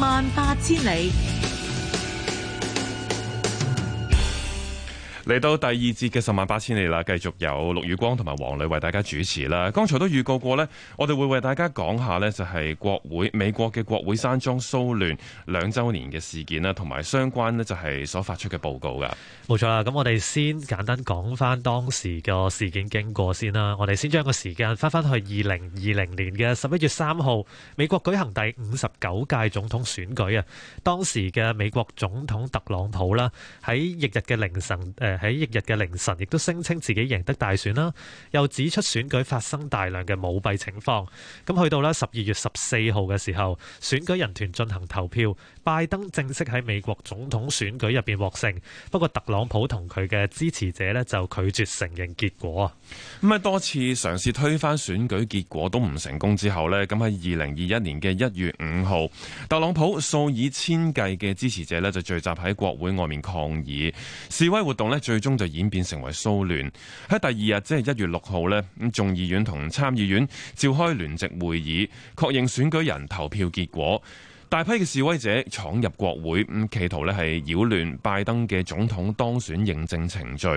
萬八千里。嚟到第二節嘅十萬八千里啦，繼續有陸雨光同埋黃磊為大家主持啦。剛才都預告過，呢我哋會為大家講下呢就係國會美國嘅國會山莊騷亂兩週年嘅事件啦，同埋相關呢就係所發出嘅報告㗎。冇錯啦，咁我哋先簡單講返當時嘅事件經過先啦。我哋先將個時間返返去二零二零年嘅十一月三號，美國舉行第五十九屆總統選舉啊。當時嘅美國總統特朗普啦，喺翌日嘅凌晨喺翌日嘅凌晨，亦都聲稱自己贏得大選啦。又指出選舉發生大量嘅舞弊情況。咁去到咧十二月十四號嘅時候，選舉人團進行投票，拜登正式喺美國總統選舉入邊獲勝。不過特朗普同佢嘅支持者呢就拒絕承認結果。咁啊多次嘗試推翻選舉結果都唔成功之後呢，咁喺二零二一年嘅一月五號，特朗普數以千計嘅支持者呢就聚集喺國會外面抗議示威活動咧。最終就演變成為騷亂。喺第二日，即係一月六號呢，咁眾議院同參議院召開聯席會議，確認選舉人投票結果。大批嘅示威者闖入國會，咁企圖咧係擾亂拜登嘅總統當選認證程序。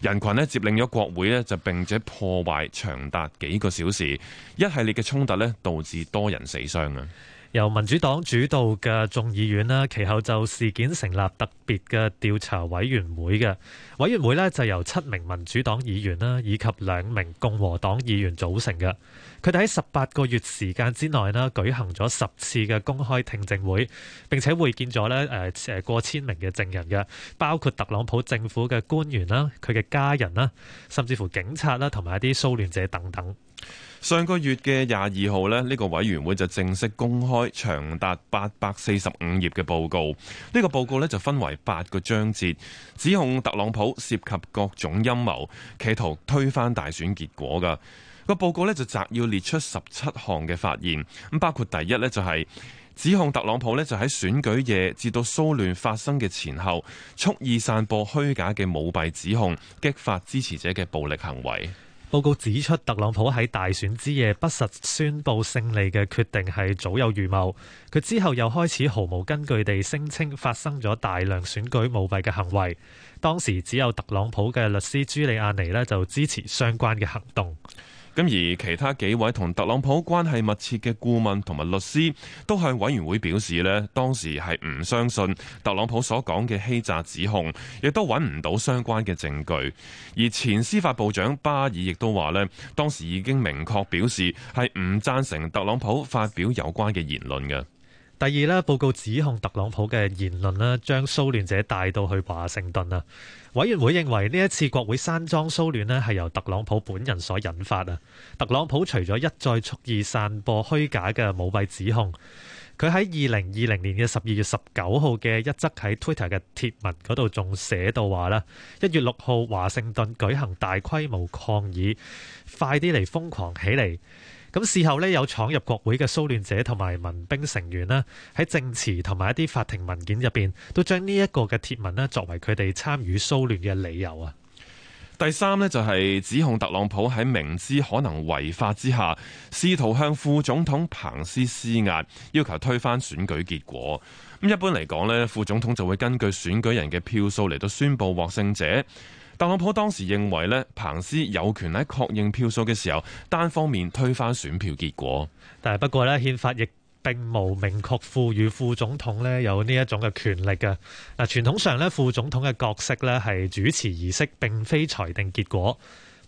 人群咧佔領咗國會咧，就並且破壞長達幾個小時，一系列嘅衝突咧導致多人死傷啊！由民主黨主導嘅眾議院啦，其後就事件成立特別嘅調查委員會嘅。委員會咧就由七名民主黨議員啦，以及兩名共和黨議員組成嘅。佢哋喺十八個月時間之內啦，舉行咗十次嘅公開聽證會，並且會見咗咧誒誒過千名嘅證人嘅，包括特朗普政府嘅官員啦、佢嘅家人啦，甚至乎警察啦同埋一啲騷亂者等等。上個月嘅廿二號，呢個委員會就正式公開長達八百四十五頁嘅報告。呢個報告呢就分為八個章節，指控特朗普涉及各種陰謀，企圖推翻大選結果。噶個報告呢就摘要列出十七項嘅發言，咁包括第一呢就係指控特朗普呢就喺選舉夜至到騷亂發生嘅前後，蓄意散播虛假嘅舞弊指控，激發支持者嘅暴力行為。報告指出，特朗普喺大選之夜不實宣佈勝利嘅決定係早有預謀。佢之後又開始毫無根據地聲稱發生咗大量選舉舞弊嘅行為。當時只有特朗普嘅律師朱利亞尼呢就支持相關嘅行動。咁而其他幾位同特朗普關係密切嘅顧問同埋律師，都向委員會表示呢當時係唔相信特朗普所講嘅欺詐指控，亦都揾唔到相關嘅證據。而前司法部長巴爾亦都話呢當時已經明確表示係唔贊成特朗普發表有關嘅言論嘅。第二咧，報告指控特朗普嘅言論咧，將騷亂者帶到去華盛頓啊！委員會認為呢一次國會山莊騷亂咧，係由特朗普本人所引發啊！特朗普除咗一再蓄意散播虛假嘅舞弊指控，佢喺二零二零年嘅十二月十九號嘅一則喺 Twitter 嘅貼文嗰度，仲寫到話啦：一月六號華盛頓舉行大規模抗議，快啲嚟瘋狂起嚟！咁事後呢，有闖入國會嘅騷亂者同埋民兵成員啦，喺證詞同埋一啲法庭文件入邊，都將呢一個嘅帖文呢作為佢哋參與騷亂嘅理由啊。第三呢，就係指控特朗普喺明知可能違法之下，試圖向副總統彭斯施壓，要求推翻選舉結果。咁一般嚟講呢，副總統就會根據選舉人嘅票數嚟到宣布獲勝者。特朗普當時認為咧，彭斯有權喺確認票數嘅時候單方面推翻選票結果。但係不過咧，憲法亦並無明確賦予副總統咧有呢一種嘅權力嘅。嗱，傳統上咧，副總統嘅角色咧係主持儀式，並非裁定結果。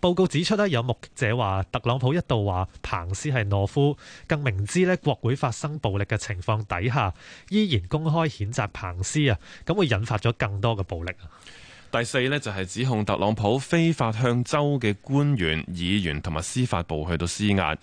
報告指出咧，有目擊者話，特朗普一度話彭斯係懦夫，更明知咧國會發生暴力嘅情況底下，依然公開譴責彭斯啊，咁會引發咗更多嘅暴力啊。第四呢，就係指控特朗普非法向州嘅官員、議員同埋司法部去到施壓。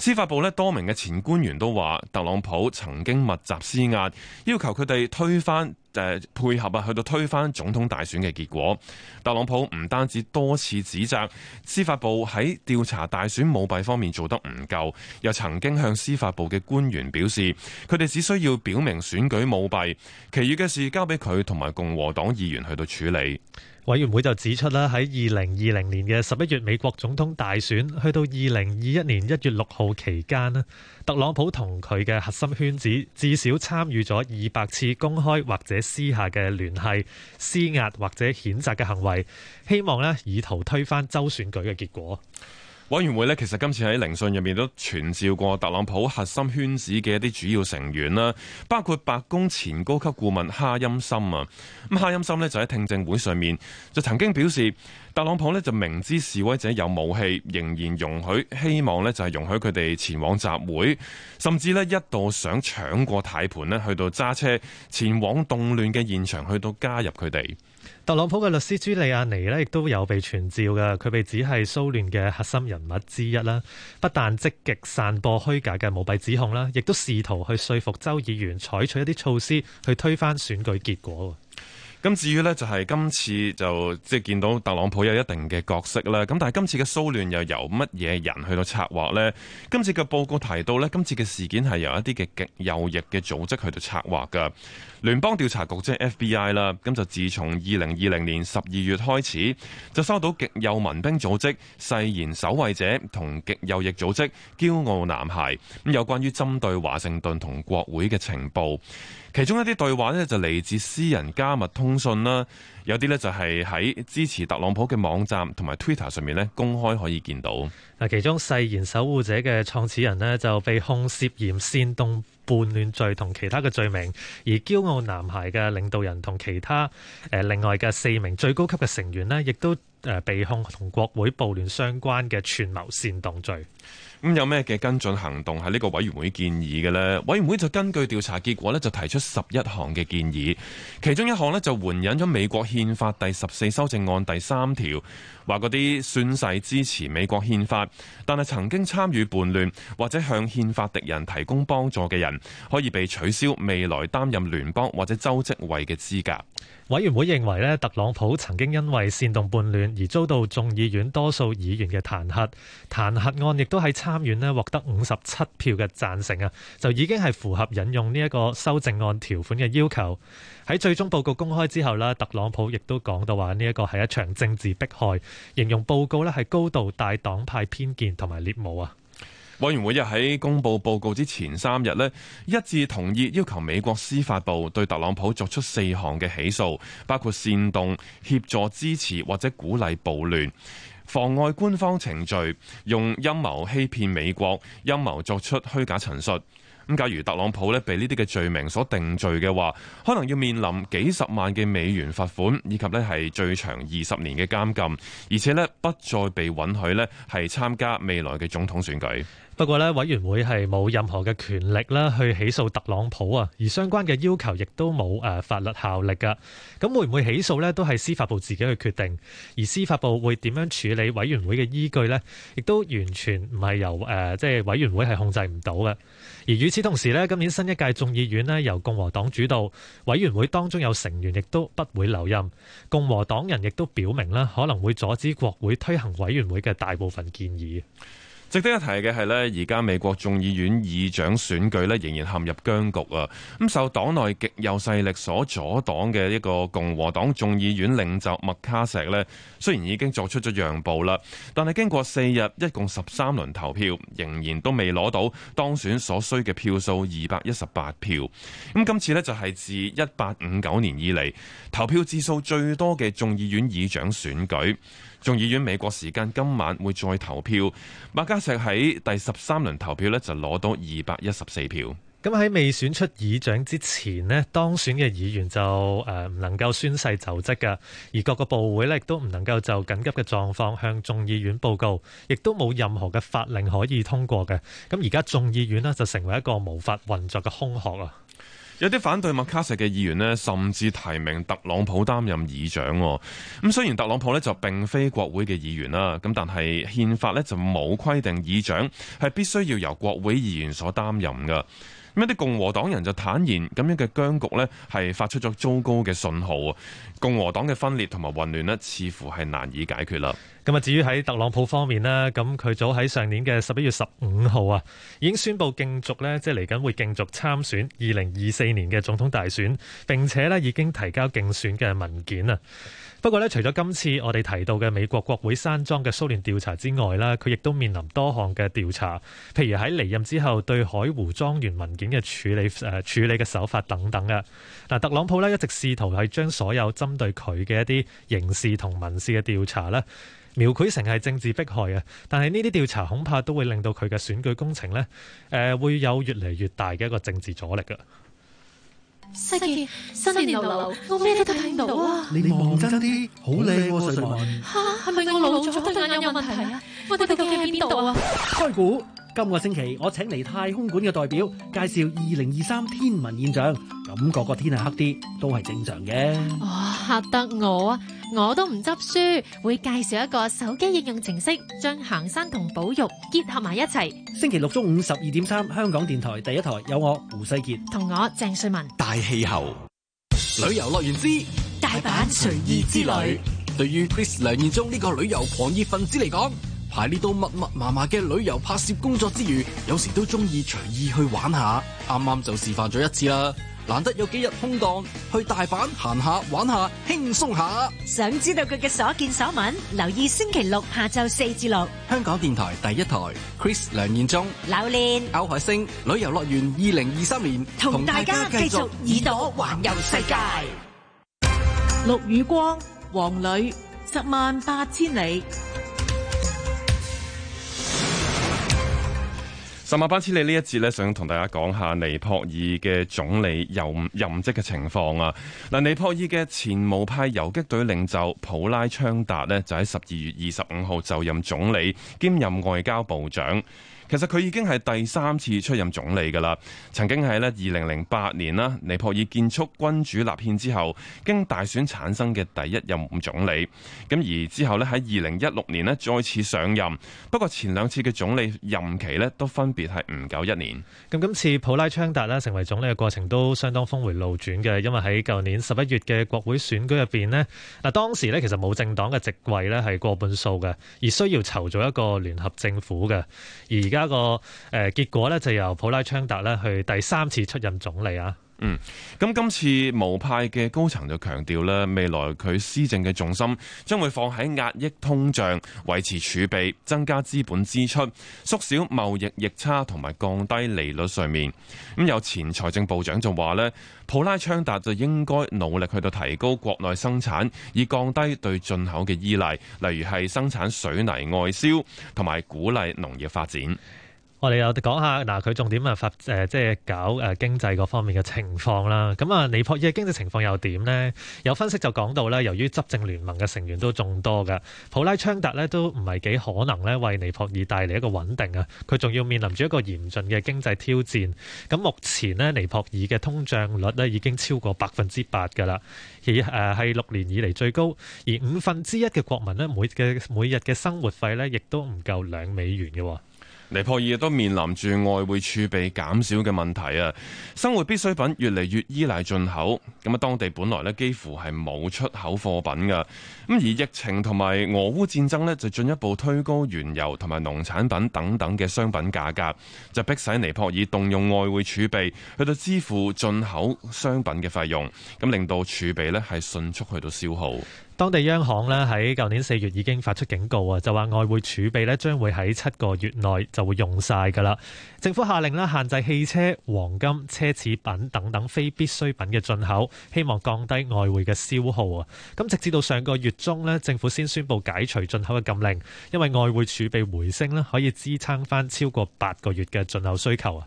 司法部呢，多名嘅前官員都話特朗普曾經密集施壓，要求佢哋推翻。誒配合啊，去到推翻總統大選嘅結果，特朗普唔單止多次指責司法部喺調查大選舞弊方面做得唔夠，又曾經向司法部嘅官員表示，佢哋只需要表明選舉舞弊，其餘嘅事交俾佢同埋共和黨議員去到處理。委員會就指出啦，喺二零二零年嘅十一月美國總統大選，去到二零二一年一月六號期間咧，特朗普同佢嘅核心圈子至少參與咗二百次公開或者私下嘅聯繫、施壓或者譴責嘅行為，希望咧以圖推翻州選舉嘅結果。委員會咧，其實今次喺聆訊入面都傳召過特朗普核心圈子嘅一啲主要成員啦，包括白宮前高級顧問哈欽森啊。咁哈欽森呢就喺聽證會上面就曾經表示，特朗普呢就明知示威者有武器，仍然容許，希望呢就係容許佢哋前往集會，甚至呢一度想搶過軚盤呢去到揸車前往動亂嘅現場，去到加入佢哋。特朗普嘅律師朱利亞尼呢，亦都有被傳召嘅，佢被指係騷亂嘅核心人物之一啦。不但積極散播虛假嘅舞弊指控啦，亦都試圖去說服州議員採取一啲措施去推翻選舉結果。咁至於呢，就係今次就即係見到特朗普有一定嘅角色啦。咁但係今次嘅騷亂又由乜嘢人去到策劃呢？今次嘅報告提到呢，今次嘅事件係由一啲嘅極右翼嘅組織去到策劃嘅。聯邦調查局即係 FBI 啦，咁就自從二零二零年十二月開始，就收到極右民兵組織誓言守衛者同極右翼組織驕傲男孩咁有關於針對華盛頓同國會嘅情報，其中一啲對話呢，就嚟自私人加密通訊啦。有啲呢，就係喺支持特朗普嘅網站同埋 Twitter 上面呢，公開可以見到。嗱，其中誓言守護者嘅創始人呢，就被控涉嫌煽動叛亂罪同其他嘅罪名，而驕傲男孩嘅領導人同其他誒另外嘅四名最高級嘅成員呢亦都。誒，被控同國會暴亂相關嘅串謀煽動罪，咁、嗯、有咩嘅跟進行動係呢個委員會建議嘅呢？委員會就根據調查結果咧，就提出十一項嘅建議，其中一項呢，就援引咗美國憲法第十四修正案第三條。話嗰啲宣誓支持美國憲法，但係曾經參與叛亂或者向憲法敵人提供幫助嘅人，可以被取消未來擔任聯邦或者州職位嘅資格。委員會認為咧，特朗普曾經因為煽動叛亂而遭到眾議院多數議員嘅彈劾，彈劾案亦都喺參院咧獲得五十七票嘅贊成啊，就已經係符合引用呢一個修正案條款嘅要求。喺最終報告公開之後呢，特朗普亦都講到話呢一個係一場政治迫害，形容報告呢係高度帶黨派偏見同埋獵巫啊！委員會日喺公佈報告之前三日呢，一致同意要求美國司法部對特朗普作出四項嘅起訴，包括煽動、協助支持或者鼓勵暴亂、妨礙官方程序、用陰謀欺騙美國、陰謀作出虛假陳述。假如特朗普咧被呢啲嘅罪名所定罪嘅話，可能要面臨幾十萬嘅美元罰款，以及咧係最長二十年嘅監禁，而且咧不再被允許咧係參加未來嘅總統選舉。不過咧，委員會係冇任何嘅權力啦，去起訴特朗普啊，而相關嘅要求亦都冇誒法律效力噶。咁會唔會起訴咧，都係司法部自己去決定。而司法部會點樣處理委員會嘅依據咧，亦都完全唔係由誒即係委員會係控制唔到嘅。而與此同時咧，今年新一屆眾議院呢，由共和黨主導，委員會當中有成員亦都不會留任，共和黨人亦都表明啦，可能會阻止國會推行委員會嘅大部分建議。值得一提嘅係呢，而家美國眾議院議長選舉呢，仍然陷入僵局啊！咁受黨內極右勢力所阻擋嘅一個共和黨眾議院領袖麥卡錫呢，雖然已經作出咗讓步啦，但係經過四日一共十三輪投票，仍然都未攞到當選所需嘅票數二百一十八票。咁今次呢，就係自一八五九年以嚟投票次數最多嘅眾議院議長選舉。眾議院美國時間今晚會再投票，麥嘉石喺第十三輪投票呢，就攞到二百一十四票。咁喺未選出議長之前呢，當選嘅議員就誒唔能夠宣誓就職㗎，而各個部會呢，亦都唔能夠就緊急嘅狀況向眾議院報告，亦都冇任何嘅法令可以通過嘅。咁而家眾議院呢，就成為一個無法運作嘅空殼喇！有啲反對麥卡錫嘅議員呢，甚至提名特朗普擔任議長。咁雖然特朗普呢就並非國會嘅議員啦，咁但係憲法呢就冇規定議長係必須要由國會議員所擔任噶。咁一啲共和黨人就坦言，咁樣嘅僵局呢係發出咗糟糕嘅信號。共和黨嘅分裂同埋混亂呢似乎係難以解決啦。咁啊，至於喺特朗普方面呢咁佢早喺上年嘅十一月十五號啊，已經宣布競逐咧，即係嚟緊會競逐參選二零二四年嘅總統大選，并且已經提交競選嘅文件啊。不過呢除咗今次我哋提到嘅美國國會山莊嘅騷亂調查之外呢佢亦都面臨多項嘅調查，譬如喺離任之後對海湖莊園文件嘅處理誒、呃，處理嘅手法等等啊。嗱，特朗普呢一直試圖係將所有針針對佢嘅一啲刑事同民事嘅調查咧，描繪成係政治迫害啊！但係呢啲調查恐怕都會令到佢嘅選舉工程咧，誒、呃、會有越嚟越大嘅一個政治阻力噶。新年流流，我咩都睇到啊！你哋望真啲，好靚啊！水面吓係咪我老咗有，啊、有問題啊？我哋究竟喺邊度啊？開估。今個星期我請嚟太空館嘅代表介紹二零二三天文現象，感覺個，個天係黑啲都係正常嘅。哇、哦，嚇得我啊，我都唔執輸，會介紹一個手機應用程式，將行山同保育結合埋一齊。星期六中午十二點三，香港電台第一台有我胡世杰同我鄭瑞文。大氣候旅遊樂園之大阪隨意之旅，旅之旅對於 Chris 梁建忠，呢個旅遊狂熱分子嚟講。排呢度密密麻麻嘅，旅遊拍攝工作之餘，有時都中意隨意去玩下。啱啱就示範咗一次啦，難得有幾日空檔，去大阪行下玩下，輕鬆下。想知道佢嘅所見所聞，留意星期六下晝四至六，香港電台第一台，Chris 梁彥宗，留念，歐海星，旅遊樂園二零二三年，同大家繼續耳朵環遊世界。陸宇光、黃磊，十萬八千里。十馬巴斯里呢一節咧，想同大家講下尼泊爾嘅總理任任職嘅情況啊。嗱，尼泊爾嘅前毛派游擊隊領袖普拉昌達呢，就喺十二月二十五號就任總理，兼任外交部長。其實佢已經係第三次出任總理㗎啦。曾經喺咧二零零八年啦，尼泊爾建築君主立憲之後，經大選產生嘅第一任總理。咁而之後呢，喺二零一六年咧再次上任。不過前兩次嘅總理任期咧都分別係唔夠一年。咁今次普拉昌達咧成為總理嘅過程都相當峰回路轉嘅，因為喺舊年十一月嘅國會選舉入邊咧，嗱，當時咧其實冇政黨嘅席位咧係過半數嘅，而需要籌組一個聯合政府嘅。而家。一個誒結果咧，就由普拉昌達咧去第三次出任總理啊。嗯，咁今次毛派嘅高層就強調呢，未來佢施政嘅重心將會放喺壓抑通脹、維持儲備、增加資本支出、縮小貿易逆差同埋降低利率上面。咁有前財政部長就話呢，普拉昌達就應該努力去到提高國內生產，以降低對進口嘅依賴，例如係生產水泥外銷同埋鼓勵農業發展。我哋又講下嗱，佢重點啊發誒，即係搞誒經濟嗰方面嘅情況啦。咁啊，尼泊爾嘅經濟情況又點呢？有分析就講到咧，由於執政聯盟嘅成員都眾多㗎，普拉昌達咧都唔係幾可能咧為尼泊爾帶嚟一個穩定啊。佢仲要面臨住一個嚴峻嘅經濟挑戰。咁目前呢，尼泊爾嘅通脹率呢已經超過百分之八噶啦，而誒係六年以嚟最高，而五分之一嘅國民呢，每嘅每日嘅生活費呢亦都唔夠兩美元嘅。尼泊爾亦都面臨住外匯儲備減少嘅問題啊。生活必需品越嚟越依賴進口，咁啊當地本來咧幾乎係冇出口貨品噶，咁而疫情同埋俄烏戰爭咧就進一步推高原油同埋農產品等等嘅商品價格，就迫使尼泊爾動用外匯儲備去到支付進口商品嘅費用，咁令到儲備咧係迅速去到消耗。當地央行咧喺舊年四月已經發出警告啊，就話外匯儲備咧將會喺七個月內就會用晒㗎啦。政府下令咧限制汽車、黃金、奢侈品等等非必需品嘅進口，希望降低外匯嘅消耗啊。咁直至到上個月中咧，政府先宣布解除進口嘅禁令，因為外匯儲備回升咧可以支撐翻超過八個月嘅進口需求啊。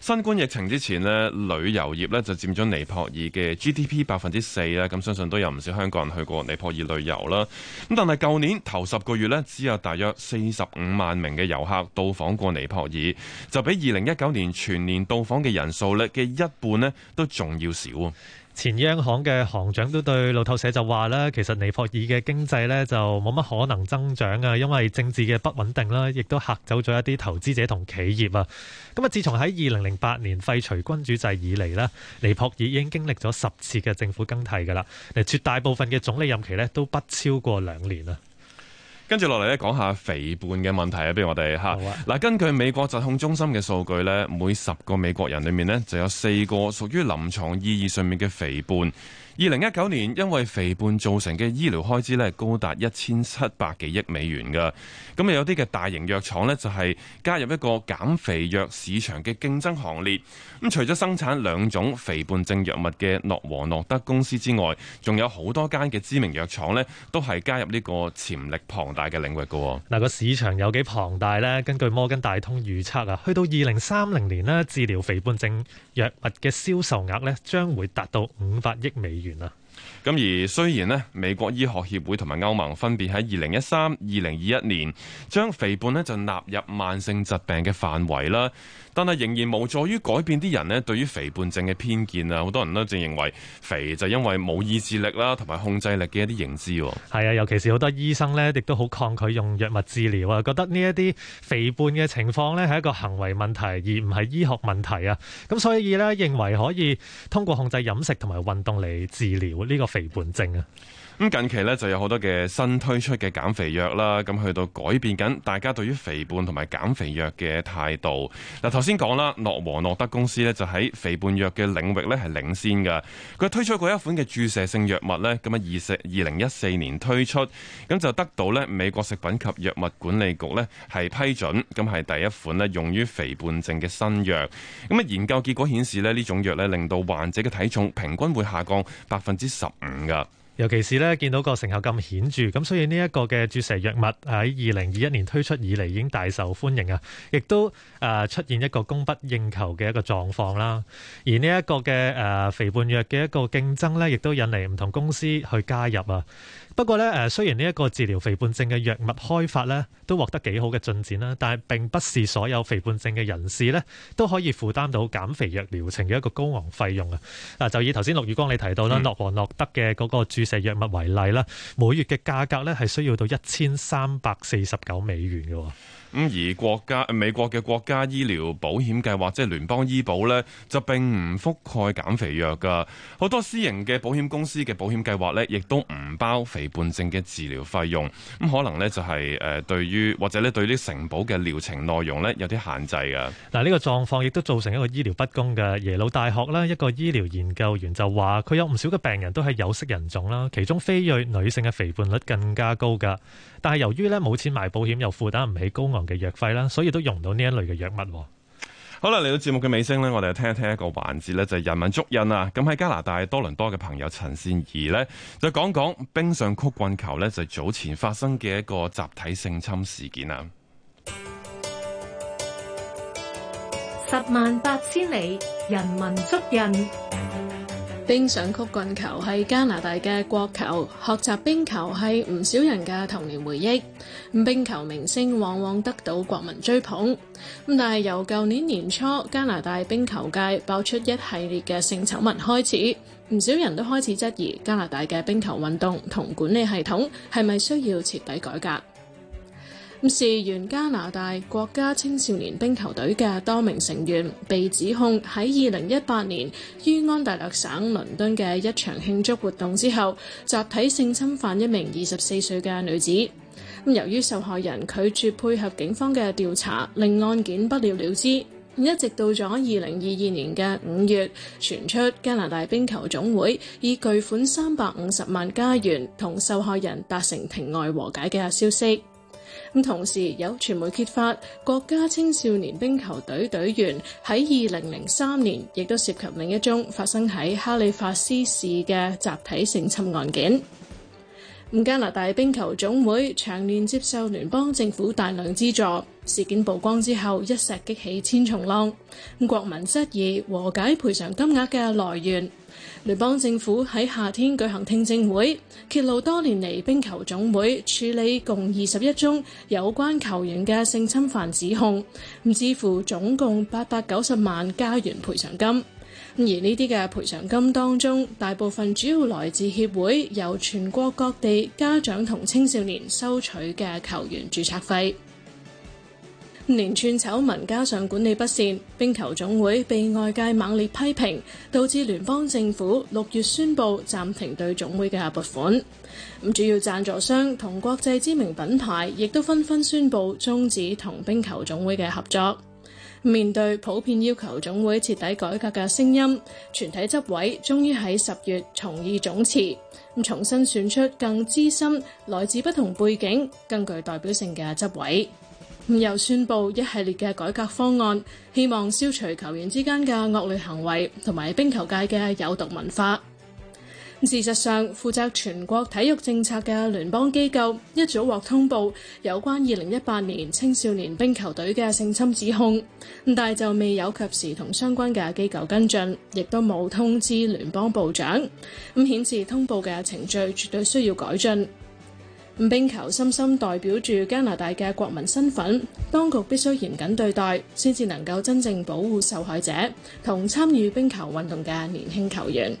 新冠疫情之前咧，旅遊業咧就佔咗尼泊爾嘅 GDP 百分之四啦，咁相信都有唔少香港人去過尼泊爾旅遊啦。咁但係舊年頭十個月咧，只有大約四十五萬名嘅遊客到訪過尼泊爾，就比二零一九年全年到訪嘅人數咧嘅一半咧都仲要少。前央行嘅行長都對路透社就話啦，其實尼泊爾嘅經濟呢就冇乜可能增長啊，因為政治嘅不穩定啦，亦都嚇走咗一啲投資者同企業啊。咁啊，自從喺二零零八年廢除君主制以嚟咧，尼泊爾已經經歷咗十次嘅政府更替噶啦，絕大部分嘅總理任期呢都不超過兩年啊。跟住落嚟咧，講下肥胖嘅問題啊，不如我哋嚇嗱，根據美國疾控中心嘅數據咧，每十個美國人裏面咧就有四個屬於臨床意義上面嘅肥胖。二零一九年，因為肥胖造成嘅醫療開支咧，高達一千七百幾億美元嘅。咁有啲嘅大型藥廠呢，就係加入一個減肥藥市場嘅競爭行列。咁除咗生產兩種肥胖症藥物嘅諾和諾德公司之外，仲有好多間嘅知名藥廠呢，都係加入呢個潛力龐大嘅領域嘅。嗱、那，個市場有幾龐大呢？根據摩根大通預測啊，去到二零三零年呢，治療肥胖症藥物嘅銷售額咧將會達到五百億美元啊。咁而雖然咧，美國醫學協會同埋歐盟分別喺二零一三、二零二一年將肥胖咧就納入慢性疾病嘅範圍啦，但係仍然無助於改變啲人咧對於肥胖症嘅偏見啊！好多人咧就認為肥就因為冇意志力啦，同埋控制力嘅一啲認知。係啊，尤其是好多醫生呢，亦都好抗拒用藥物治療啊，覺得呢一啲肥胖嘅情況呢，係一個行為問題，而唔係醫學問題啊。咁所以呢，認為可以通過控制飲食同埋運動嚟治療。呢個肥胖症啊！咁近期呢就有好多嘅新推出嘅減肥藥啦，咁去到改變緊大家對於肥胖同埋減肥藥嘅態度。嗱，頭先講啦，諾和諾德公司呢就喺肥胖藥嘅領域呢係領先㗎。佢推出過一款嘅注射性藥物呢，咁啊二四二零一四年推出，咁就得到呢美國食品及藥物管理局呢係批准，咁係第一款呢用於肥胖症嘅新藥。咁啊研究結果顯示呢呢種藥呢令到患者嘅體重平均會下降百分之十五噶。尤其是咧，見到個成效咁顯著，咁所以呢一個嘅注射藥物喺二零二一年推出以嚟已經大受歡迎啊，亦都誒出現一個供不應求嘅一個狀況啦。而呢一個嘅誒肥胖藥嘅一個競爭咧，亦都引嚟唔同公司去加入啊。不過咧，誒，雖然呢一個治療肥胖症嘅藥物開發咧，都獲得幾好嘅進展啦，但係並不是所有肥胖症嘅人士咧，都可以負擔到減肥藥療程嘅一個高昂費用啊！嗱，就以頭先陸宇光你提到啦，諾和諾德嘅嗰個注射藥物為例啦，每月嘅價格咧係需要到一千三百四十九美元嘅。咁而國家美國嘅國家醫療保險計劃，即係聯邦醫保咧，就並唔覆蓋減肥藥噶。好多私營嘅保險公司嘅保險計劃咧，亦都唔包肥胖症嘅治療費用。咁可能咧就係誒對於或者咧對啲承保嘅療程內容咧有啲限制㗎。嗱、這、呢個狀況亦都造成一個醫療不公嘅。耶魯大學啦，一個醫療研究員就話佢有唔少嘅病人都係有色人種啦，其中非裔女性嘅肥胖率更加高噶，但係由於咧冇錢買保險又負擔唔起高額。嘅藥費啦，所以都用到呢一類嘅藥物。好啦，嚟到節目嘅尾聲呢，我哋就聽一聽一個環節呢，就係人文足印啊！咁喺加拿大多倫多嘅朋友陳善宜呢，就講講冰上曲棍球呢，就係早前發生嘅一個集體性侵事件啊！十萬八千里，人文足印。冰上曲棍球係加拿大嘅國球，學習冰球係唔少人嘅童年回憶。冰球明星往往得到國民追捧，咁，但係由舊年年初加拿大冰球界爆出一系列嘅性醜聞開始，唔少人都開始質疑加拿大嘅冰球運動同管理系統係咪需要徹底改革。咁事源加拿大國家青少年冰球隊嘅多名成員被指控喺二零一八年於安大略省倫敦嘅一場慶祝活動之後，集體性侵犯一名二十四歲嘅女子。咁由於受害人拒絕配合警方嘅調查，令案件不了了之。一直到咗二零二二年嘅五月，傳出加拿大冰球總會以巨款三百五十萬加元同受害人達成庭外和解嘅消息。咁同時有傳媒揭發，國家青少年冰球隊隊員喺二零零三年，亦都涉及另一宗發生喺哈利法斯市嘅集體性侵案件。加拿大冰球總會長年接受聯邦政府大量資助，事件曝光之後一石激起千重浪，國民質疑和解賠償金額嘅來源。聯邦政府喺夏天舉行聽證會，揭露多年嚟冰球總會處理共二十一宗有關球員嘅性侵犯指控，咁支付總共八百九十萬加元賠償金。而呢啲嘅賠償金當中，大部分主要來自協會由全國各地家長同青少年收取嘅球員註冊費。連串醜聞加上管理不善，冰球總會被外界猛烈批評，導致聯邦政府六月宣布暫停對總會嘅撥款。咁主要贊助商同國際知名品牌亦都紛紛宣布終止同冰球總會嘅合作。面對普遍要求總會徹底改革嘅聲音，全體執委終於喺十月重議總辭，咁重新選出更資深、來自不同背景、更具代表性嘅執委，又宣佈一系列嘅改革方案，希望消除球員之間嘅惡劣行為同埋冰球界嘅有毒文化。事實上，負責全國體育政策嘅聯邦機構一早獲通報有關二零一八年青少年冰球隊嘅性侵指控，但係就未有及時同相關嘅機構跟進，亦都冇通知聯邦部長，咁顯示通報嘅程序絕對需要改進。冰球深深代表住加拿大嘅國民身份，當局必須嚴謹對待，先至能夠真正保護受害者同參與冰球運動嘅年輕球員。